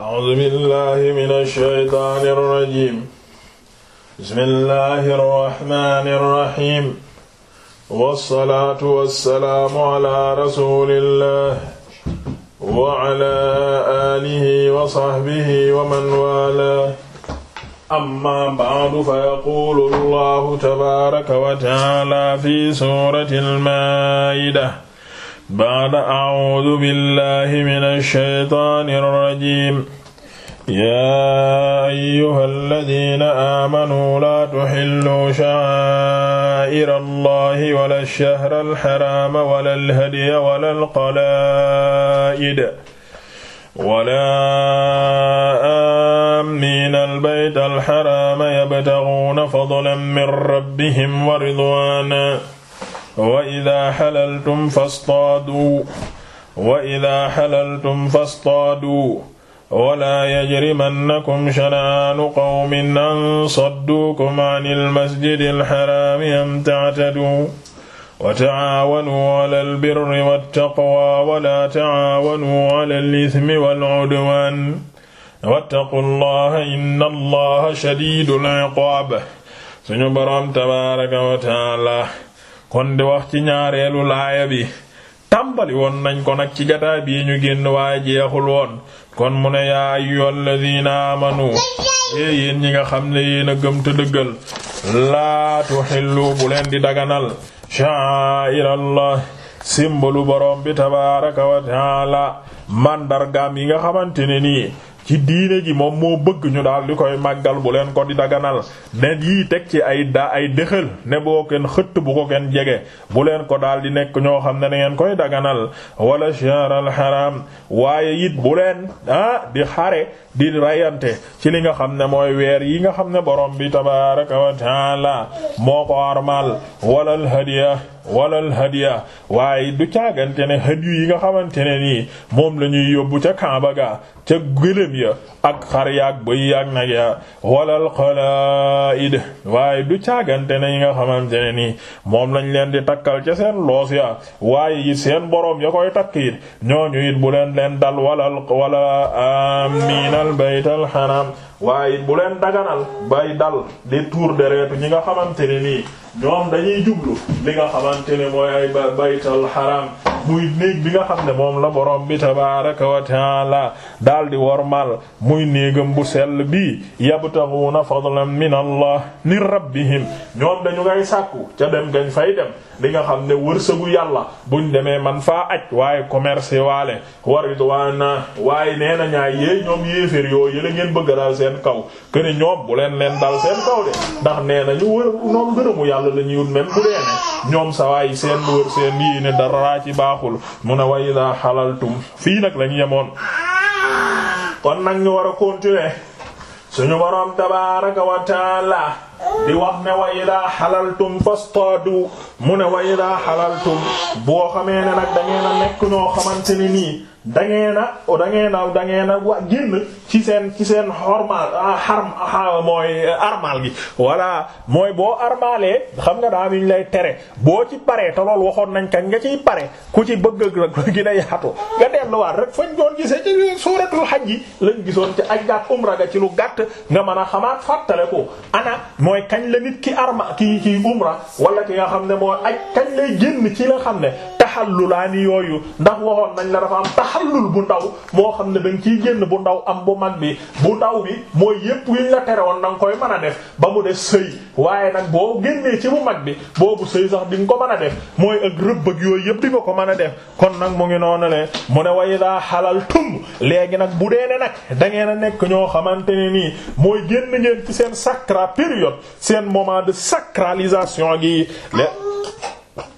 a'uuzu billaahi mina shaytaani rajiim bismillaahi rahmaani rahiim wassalaatu wassalaamu alaa rasuulillaah wa alaa aalihi wa sahbihi wa man waalaah amma ba'du fa yaquulu allaahu tabaaraka wa ta'aalaa fi suurati al-maa'ida baada a'uudu billahi mina shaytaani rajiim yaa ayyuhalladhiina aamanuu laa tuhilluu shaa'ira allahi wala shahral haraama wala alhadiya wala alqalaa'ida wala aammiina albayta alharaama yabtaghuuna fadlan min rabbihim wa ridwaanan wa idaa xalaltum fastaadu wa idaa xalaltum fastaadu wala yajrimannakum shanaanu qawmin an sadduukum anil masjidil xaraami an ta'taduu wa ta'aawanuu alal birri wattaqwaa wala ta'aawanuu alal ismi wal cudwaan wattaqullaaha inna allaaha shadiidul ciqaab suñu boroom tabaaraka wa ta'aala kon di wax ci ñaareelu laaya bi tàmbali woon nañ ko nag ci gataa bii ñu génn waaye jeexul woon kon mu ne yaa ayyuhal ladina amanu ee yéen ñi nga xam ne yéen a gëm te dëggal laa bu leen di daganal sha'irallah simbalu borom bi tabaaraka wa taala mandargaam yi nga xamante ne nii ci diine ji moom moo bëgg ñu daal di koy màggal bu leen ko di daganal ne yii teg ci ay da ay déxal ne boo kenn xëtt bu ko kenn jege bu leen ko daal di nekk ñoo xam ne da koy dagganal wala shahr al waaye it bu leen ah, di xare di rayante ci li nga xam ne mooy weer yi nga xam ne borom bi tabaraka wa la moo ko armal wala al walal hadiya waaye du caagante ne yi nga xamante ne nii moom la ñuy yóbbu ca Kaaba ga ca gëlëm ya ak xar yaag bëy yaag nag ya walal xalaid waaye du caagante ne yi nga xamante ne nii moom lañ leen di takkal ca seen loos ya waaye it seen boroom ya koy takk it ñooñu it bu leen leen dal walal wala amiinal baytal waaye bu leen daganal bay dal di tuur deretu ñi nga xamante ne nii ñoom dañuy jublu li nga xamante ne mooy ay baytal xaram muy néeg bi nga xam ne moom la borom bi tabaaraka wa taala daal di wormal muy néegam bu sell bi na fadlan min allah ni rabbihim ñoom dañu ngay sàkku ca dem gañ fay dem li nga xam ne wërsëgu yàlla buñ demee man faa aj waaye commerce waale wa ridwaana waaye nee na ñaay yéey ñoom yéeféer yoo yëla ngeen bëgg daal seen kaw këni ñoom bu leen leen dal seen kaw de ndax nee na ñu wër ñoom gërëmu yàlla la ñuy wut même bu dee ne ñoom sawaay seen wër baaxul mu ne wa idaa xalaltum fii nag lañu yemoon kon nag ñu war a continuer suñu boroom tabaaraka wa taala di wax ne wa idaa xalaltum fastaadu mu ne wa idaa xalaltum boo xamee ne nag da ngeen a nekk ñoo xamante ni nii dangeen a dangeen a dangeen a wa génn ci seen ci seen xormaal xarm ah, ah, mooy armal gi voilà mooy boo armalee xam nga daa ñu lay tere boo ci paree ta loolu waxoon nañ kañ nga ciy pare ku ci bëgg ak nag gën a yaatu nga delluwaat rek fañ doon gisee ci suuratul xaj yi lañ gisoon ci aj ak umra ga ci lu gàtt nga mën a xamaat fàttale ko ana mooy kañ la nit ki arma ki ki umra wala ki nga xam ne mooy aj kañ lay génn ci la xam ne taxallulaani yooyu ndax waxoon nañ la dafa am taxallul bu ndaw moo xam ne da nga ciy génn bu ndaw am bu mag bi bu ndaw bi mooy yépp yuñ la terewoon da nga koy mën a def ba mu des sëy waaye nag boo génnee ci bu mag bi boobu sëy sax bi nga ko mën a def mooy ak rëbb yooyu yépp di nga ko mën a def kon nag mu ngi noonu le mu ne way daa xalal tum léegi nag bu dee ne nag da ngeen a nekk ñoo xamante ni nii mooy génn ngeen ci seen sacra période seen moment de sacralisation gi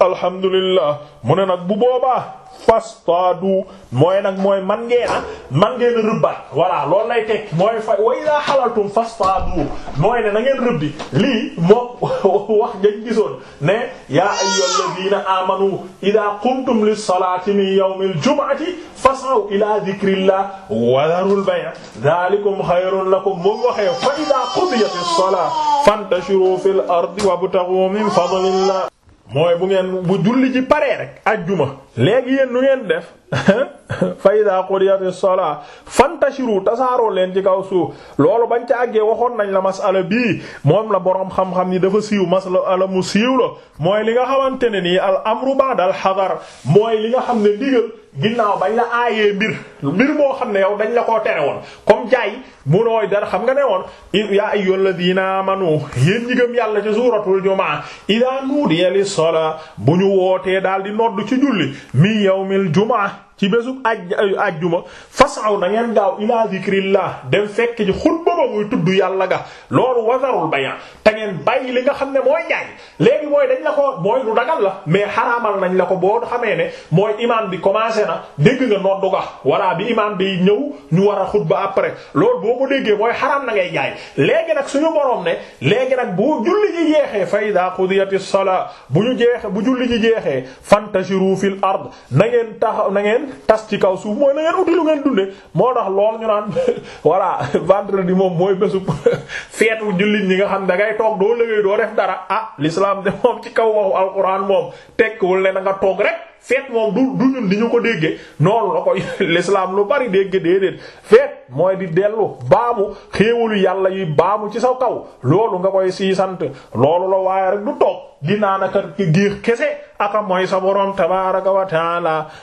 alhamdulillah mu ne nag bu boobaa fastadu mooy nag mooy man ngeena man ngeen a rëbbaat voilà loolu lay tekki mooy fa wa iza halaltum fastadu mooy ne na ngeen rëbbi lii moom wax jañ gisoon ne yaa ayyuhalladhina amanu iza qumtum lis-salati min yawmil jum'ati fas'aw ila dhikrillah wa dharul bay' dhalikum khayrun lakum moom waxee fa iza qudiyatis-salatu fantashiru fil ardi wabtaghu min fadlillah mooy bu ngeen bu julli ji paree rek ajjuma léegi yéen nu ngeen def fa iza qudiyati salaa fantashiru tasaaroo leen ci kaw suuf loolu bañ ca àggee waxoon nañ la masala bii moom la boroom xam-xam ni dafa siiw masala mu siiw la mooy li nga xamante ne nii al amru ba'da al hadar mooy li nga xam ne ndigal ginnaaw bañ la aayee mbir mbir moo xam ne yow dañ la koo tere woon comme jaay munooy dara xam nga ne woon ay ayyuhal ladina amanu yéen ñi gëm yàlla ci suuratul jumaa idaa nuudiya lis-salaa bu ñu wootee daal di nodd ci julli mi yawmil jumaa ci bésub ajj ajjuma fasaw na ngeen gaaw ila zikrillah dem fekk ji xutba ba muy tudd yàlla ga loolu wasarul bayan te ngeen bàyyi li nga xam ne mooy njaay léegi mooy dañ la ko mooy lu dagal la mais xaraamal nañ la ko boo xamee ne mooy imaam bi commencé na dégg nga noddu ga walla bi imaam bi ñëw ñu war a xutba après lool boo ko déggee mooy xaraam na ngay jaay léegi nag suñu borom ne léegi nag boo julli ji jeexee fa ida salaa bu ñu jeexee bu julli ji jeexee fantashiru fil ard na ngeen taxaw na ngeen tas ci kaw suuf mooy na ngeen uti ngeen dunde moo tax lool ñu naan voilà vendredi moom mooy bésu feetu jullit ñi nga xam da ngay toog doo liggéey doo def dara ah l'islam de moom ci kaw waxu alquran moom tekkiwul ne da nga toog rek. feet moom du ñun di ñu ko déggee noonu la ko l'islam lu bari dégg déedéet feet mooy di dellu baamu xéewalu yàlla yi baamu ci saw kaw loolu nga koy sii sant loolu la waaye rek du toog di naanaka giir kese aka mooy sa borom tabaaraka wa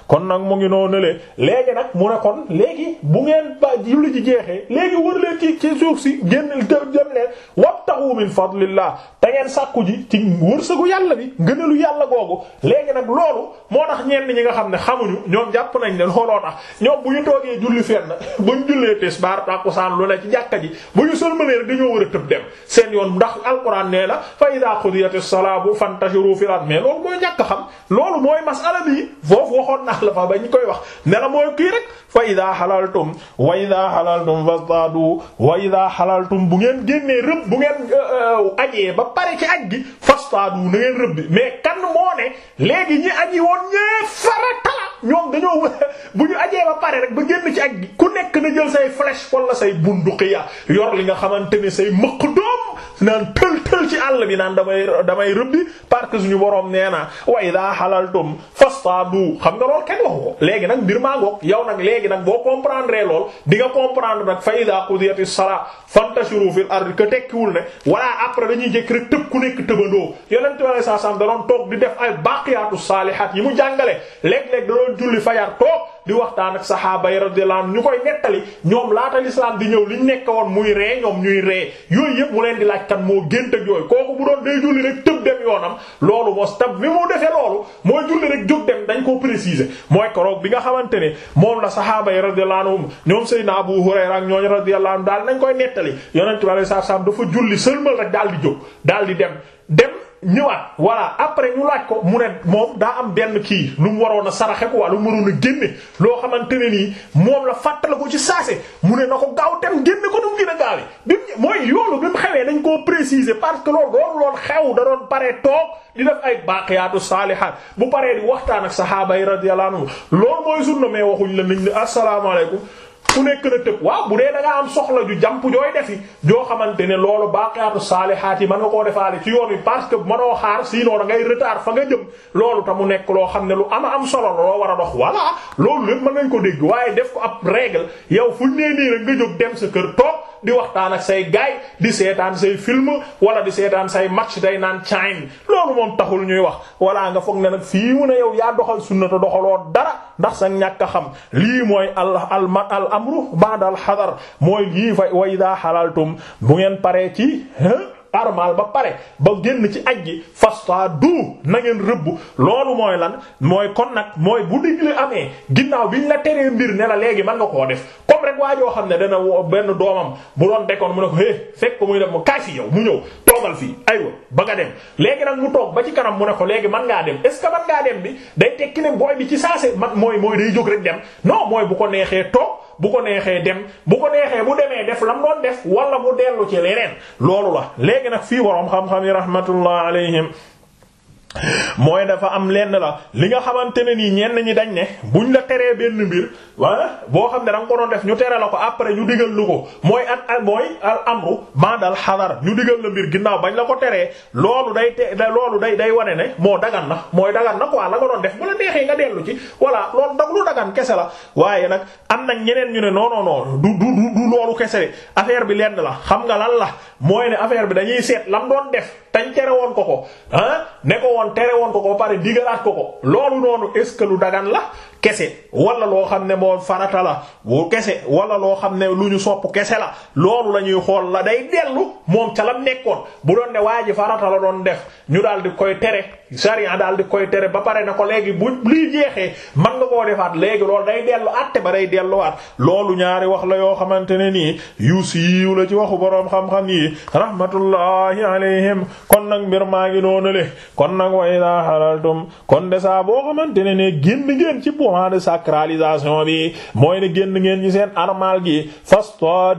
kon nag mu ngi noonu le léegi nag mu ne kon léegi bu ngeen ba julli ji jeexee léegi wër ci ci suuf si génn dem leen wabtahu min fadlillah da ngeen sàkku ji ci wërsëgu yàlla bi ngënalu yàlla googu léegi nag loolu moo tax ñenn ñi nga xam ne xamuñu ñoom jàpp nañ ne looloo tax ñoom bu ñu toogee julli fenn buñ jullee tisbaar tàkkusaan lu ne ci jàkka ji bu ñu sëlmalee rek dañoo war a tëb dem seen yoon ndax alquran nee na fa iza qudiyatis salaatu fantashiru fil ardi mais loolu mooy jàkk xam loolu mooy masala bi foofu waxoon naa la fa ñu koy wax ne la mooy kii rek fa iza halaltum wa iza halaltum fastadu wa iza halaltum bu ngeen génnee rëbb bu ngeen euh, euh, ajee ba pare ci aj gi fastaadu na ngeen rëbbi mais kan moo ne léegi ñi aji woon ñee farata la ñoom dañoo bu ñu ajee ba pare rek ba génn ci aj gi ku nekk na jël say flèche wala say bunduqiya yor li nga xamante ne say mëq doom naan tël tël ci àll bi naan damay damay rëbbi parce que suñu borom nee na wa idha halaltum fastaadu xam nga lool kenn waxu ko léegi nag mbir maa ngoog yow nag léegi nag boo comprendre lool di nga comprendre nag fa idha qudiyatis salaa fantashiru fil ardi que tekkiwul ne voilà après dañuy jëkk rek tëb ku nekk tëbandoo yonent bi saa sam da doon toog di def ay baqiyaatu saalihaat yi mu jàngale léeg-léeg da doon julli fajar toog di waxtaan ak saxaaba yi radiyallahu anhum ñu koy nettali ñoom laata lislaam di ñëw liñ nekk woon muy ree ñoom ñuy ree yooyu yëpp mu leen di laaj kan moo gént ak yooyu kooku bu doon day julli rek tëb dem yoonam loolu mos tab bi mu defee loolu mooy julli rek jóg dem dañ koo préciser mooy koroog bi nga xamante ne moom la saxaaba yi radiyallahu anhum ñoom Seydina Abu Hurayra ak ñooñu radiyallahu anhum daal nañ koy nettali yonentu Yàlla sallallahu alayhi wasallam dafa julli sëlmal rek daal di jóg daal di dem ñëwaat voilà après ñu laaj ko mu ne moom daa am benn kii lu mu waroon a saraxe ko wala lu mu waroon a génne loo xamante ne nii moom la fàttal ko ci saase mu ne na ko gaaw dem génne ko nu mu gën a gaawee. bi mooy yoonu bi mu xewee dañ koo préciser parce que loolu loolu loolu xew da doon pare toog di def ay baaqiyaatu saalihaat bu paree di waxtaan ak saxaaba yi radiyallahu anhu loolu mooy sunna mais waxuñ la niñ ne asalaamaaleykum. ku nekk la tëb waaw bu dee da am soxla ju jàmp jooy defi joo xamante ne loolu baaqiyaatu saalihaat yi mën nga koo defaale ci yoon wi parce que mënoo xaar sinon da ngay retard fa nga jëm loolu ta mu nekk loo xam ne lu ama am solo loo war a dox voilà loolu lépp mën nañ ko dégg waaye def ko ab règle yow fuñ nee nii rek nga jóg dem sa kër toog di waxtaan ak say gaay di seetaan say film wala di seetaan say match day naan caayin loolu moom taxul ñuy wax wala nga foog ne nag fii mu ne yow yaa doxal sunna te doxaloo dara ndax sa ñàkk xam lii mooy al al al amru ba'da al mooy lii fa wa idha halaltum bu ngeen paree ci armal ba pare ba génn ci aj gi fasta du na ngeen rëbb loolu mooy lan mooy kon nag mooy bu digle amee ginnaaw ñu la teree mbir ne la léegi mën nga koo def comme rek waa joo xam ne dana woo benn doomam bu doon dekkoon mu ne ko hé fekk ko muy def mu kaay fi yow mu ñëw toogal fii aywa ba nga dem léegi nag mu toog ba ci kanam mu ne ko léegi mën ngaa dem est-ce que mën ngaa dem bi day tekki ne booy bi ci saase man mooy mooy day jóg rek dem noo mooy bu ko neexee toog bu ko neexee dem bu ko neexee bu demee def lam doon def wala mu dellu ci leneen loolu la léegi nag fii boroom xam-xam yi rahmatullah alayhim mooy dafa am lenn la li nga xamante ne nii ñenn ñi dañ ne buñ la teree benn mbir ah boo xam ne danga ko doon def ñu tere la ko après ñu digal lu ko mooy at mooy al amru maadal xadar ñu digal la mbir ginnaaw bañ la ko teree loolu day te loolu day day wane ne moo dagan na mooy dagan na quoi la nga doon def bu la neexee nga dellu ci kese la waaye nag am na ñeneen ñu ne non non non du du du loolu kese affaire bi lenn la xam nga lan la mooy ne affaire bi dañuy seet lam doon def tere woon ko ko ah ne ko woon tere woon ko ko ba pare digalaat ko ko loolu noonu est-ce que lu dagan la kese wala loo xam ne moo farata la bu kese wala loo xam ne lu ñu sopp kese la loolu la ñuy xool la day dellu moom ca lam nekkoon bu doon ne waa ji farata la doon def ñu daal di koy tere sariya dal di koy tere ba pare na ko léegi bu lii jeexee man nga koo defaat léegi loolu day dellu àtte ba day delluwaat loolu ñaari wax la yoo xamante ne nii yu siiw la ci waxu boroom xam yi kon nag mbir maa ngi noonale kon nag wa idaa halaltum kon de saa boo xamante ne ne génn ngeen ci point de sacralisation bi mooy ne génn ngeen ci seen armal gi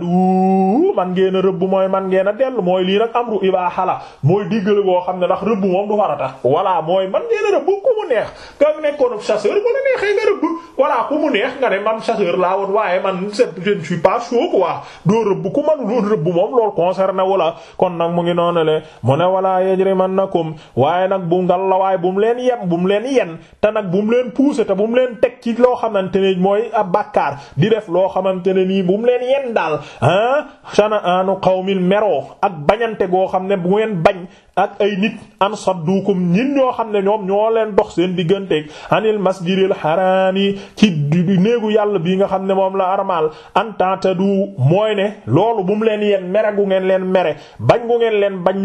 du man ngeen a rëbb mooy man ngeen a dellu mooy lii nag amru baa la mooy diggale boo xam ne ndax rëbb moom du farata voilà mooy man ngeen a rëbb ku mu neex ka nekkoon chasseur bu la neexee nga rëbb voilà ku mu nga ne man chasseur laa woon waaye man c'est je ne suis pas chaud quoi wala yajrimannakum waaye nag bu ngal la waaye bu mu leen yem bu mu leen yen te nag bu mu leen pousser te bu mu leen teg ci loo xamante ne mooy ab bàkkaar di def loo xamante ne nii bu mu leen yen daal ah sana anu qawmin meroo ak bañante goo xam ne bu ngeen bañ ak ay nit an saddukum ñin ñoo xam ne ñoom ñoo leen dox seen digganteeg anil masjidil haram yi ci néegu yàlla bii nga xam ne moom la armal an tantadu mooy ne loolu bu leen yeen mere gu ngeen leen mere bañ gu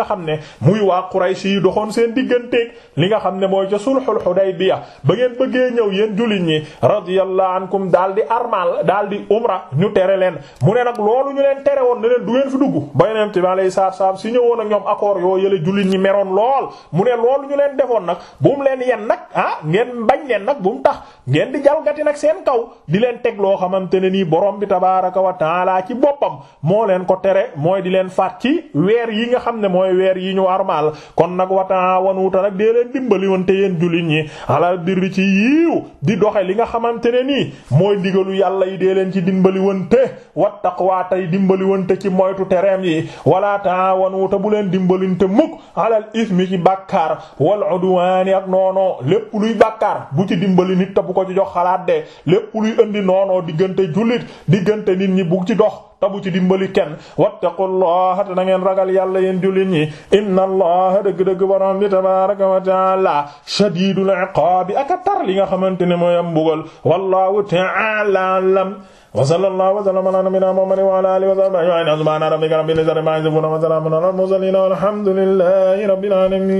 nga xam ne muy waa Quraysh yi doxoon seen digganteeg li nga xam ne mooy ca sulhul Hudaybiya ba ngeen bëggee ñëw yéen jullit ñi radiyallahu ankum daal di armal daal di umra ñu tere leen mu ne nag loolu ñu leen ba yeneen ci lay saab saab si ñëwoon ak ñoom accord yoo yële jullit ñi meroon lool mu ne loolu ñu leen defoon nag bu mu leen yen nag ah, jalgati nag seen kaw di leen teg loo xamante ne nii borom bi tabaaraka wa ci boppam moo leen ko tere mooy di leen faat ci weer yi nga xam ne mooy mooy weer yi ñu armal kon nag wataawanu ta nag dee leen dimbali woon te yéen jullit ñi ala birri ci yiiw di doxe li nga xamante ne nii mooy digalu yàlla yi dee leen ci dimbali woon te wat taqwa tay dimbali woon te ci moytu tereem yi wala taawanu ta bu leen dimbalinte mukk alal ismi ci bàkkaar wal udwaani ak noono lépp luy bàkkaar bu ci dimbali nit te bu ko ci jox xalaat de lépp luy indi noono diggante jullit diggante nit ñi bu ci dox te bu ci dimbali kenn wattaqullaha te na ngeen ragal yàlla yéen jullit ñi inna allaha dëgg-dëgg borom bi tabaraka wa taala shadidul iqabi aka tar li nga ne mooy am mbugal wallahu ta'ala alam wa sallallahu wa sallama ala nabiyyina muhammadin wa ala alihi wa sahbihi ajma'in subhana rabbika rabbil izzati amma yasifun wa salamun ala al mursalin